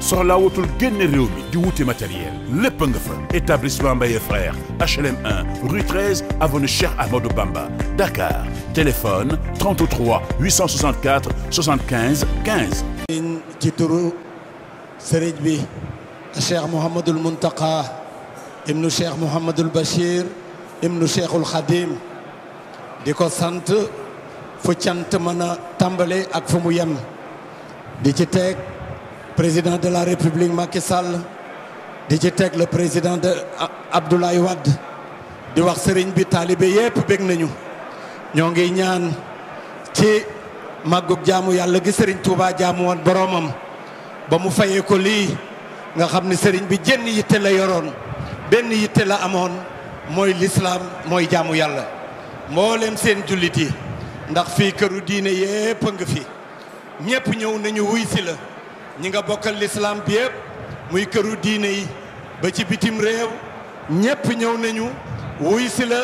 soxlaa wutul génne réew mi di wuti matériel lépp nga fa établissement Mbaye frère HLM 1 rue 13 avenue Cheikh Amadou Bamba Dakar téléphone 33 864 75 15. ci turu sëriñ bi Cheikh Mouhamadul Muntaqa ibnu Cheikh Mouhamadul Bachir ibnu Cheikhul Khadim di ko sant fu cant mën a tàmbale ak fu mu yem di ci teg. président de la république Macky Sall di ci teg le président de Abdoulaye Wade di wax sëriñ bi taalibe yépp bég nañu ñoo ngi ñaan ci màggug jaamu yàlla gi sëriñ Touba jaamu woon boroomam ba mu fayee ko lii nga xam ni sëriñ bi jenn yitte la yoroon benn yitte la amoon mooy lislaam mooy jaamu yàlla mboolem seen jullit yi ndax fii këru diine yépp nga fi ñépp ñëw nañu wuy si la ñi nga bokkal lislaam bi yëpp muy këru diine yi ba ci bitim réew ñépp ñëw nañu wuy si la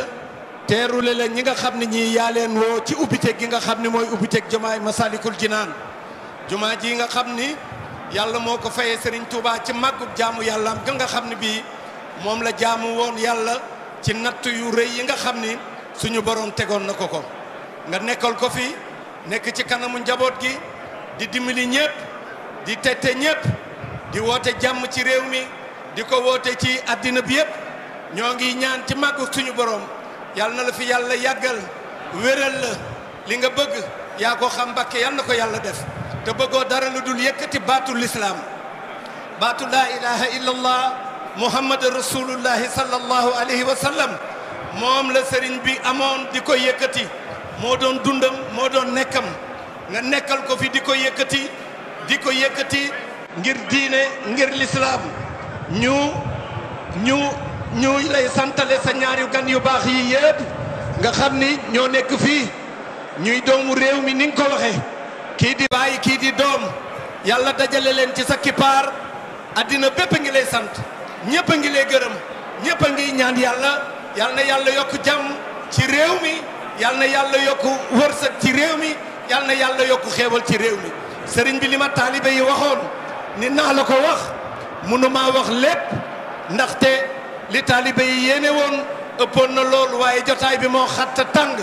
teerule la ñi nga xam ne ñii yaa leen woo ci ubbiteg gi nga xam ne mooy ubbiteg jumaay Masalikul Jinaan jumaa ji nga xam ni yàlla moo ko fayee Serigne Touba ci màggub jaamu yàllaam ga nga xam ne bii moom la jaamu woon yàlla ci natt yu rëy yi nga xam ni suñu boroom tegoon na ko ko nga nekkal ko fi nekk ci kanamu njaboot gi di dimbali ñépp di tette ñëpp di woote jàmm ci réew mi di ko woote ci àddina bi yëpp ñoo ngi ñaan ci màggu suñu borom yàlla na la fi yàlla yàggal wéral la li nga bëgg yaa ko xam Mbàkke yàlla na ko yàlla def te bëggoo dara lu dul yëkkati baatu lislaam baatu laa ilaha illallah muhammad rasulullahi sallallahu alayhi wa sallam moom la sëriñ bi amoon di ko yëkkati moo doon dundam moo doon nekkam nga nekkal ko fi di ko yëkkati di ko yëkkati ngir diine ngir lislaam ñu ñu ñu lay santale sa ñaari gan yu baax yi yëpp nga xam ni ñoo nekk fii ñuy doomu réew mi ni ko waxe kii di bàyyi kii di doom yàlla dajale leen ci sa kippaar àddina bépp a ngi lay sant ñëpp a ngi lay gërëm ñëpp a ngi ñaan yàlla yal yàlla yokk jàmm ci réew mi yal na yàlla yokk wërsëg ci réew mi yal na yàlla yokk xéewal ci réew mi sëriñ bi li ma taalibe yi waxoon ni naa la ko wax mënumaa wax lépp ndaxte li taalibe yi yéene woon ëppoon na lool waaye jotaay bi moo xatta tàng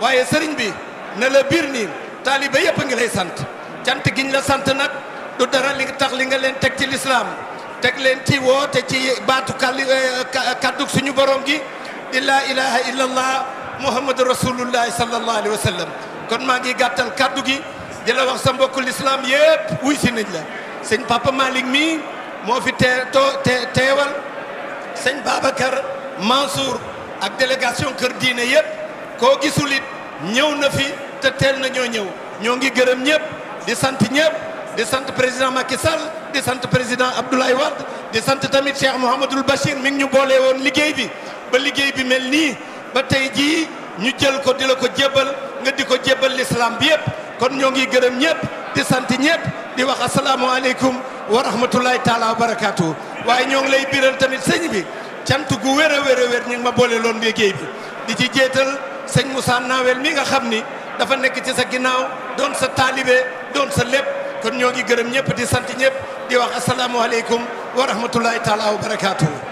waaye sëriñ bi na la biir nii taalibe yëpp ngi lay sant cant giñ la sant nag du dara li tax li nga leen teg ci lislaam teg leen ci woote ci baatu kàlli eh, kàddu suñu borom gi di laa ilaha illallah muhammadu rasulullahi sallallahu alayhi wa sallam kon maa ngi gàttal kàddu gi di la wax sa mbokku lislaam yëpp wuy si nañ la sëñ Papa Malick mii moo fi tee too te teewal sëñ Babacar Mansour ak délégation kër diine yëpp koo gisul it ñëw na fi te teel na ñoo ñëw ñoo ngi gërëm ñëpp di sant ñëpp di sant président Macky Sall di sant président Abdoulaye Wade di sant tamit Cheikh Mouhamadoul Bachir mi ngi ñu boolee woon liggéey bi ba liggéey bi mel nii ba tey jii ñu jël ko di la ko jébbal nga di ko jébbal l'islam bi kon ñoo ngi gërëm ñëpp di sant ñëpp di wax asalaamaaleykum wa rahmatulahi taala wa barakaatu waaye ñoo ngi lay biral tamit sëñ bi cant gu wér a wér a ñu ma boole loon liggéey bi di ci jéetal sëñ Moussa Nawel mi nga xam ni dafa nekk ci sa ginnaaw doon sa taalibe doon sa lépp kon ñoo ngi gërëm ñëpp di sant ñëpp di wax asalaamaaleykum wa rahmatulahi taala wa barakaatu.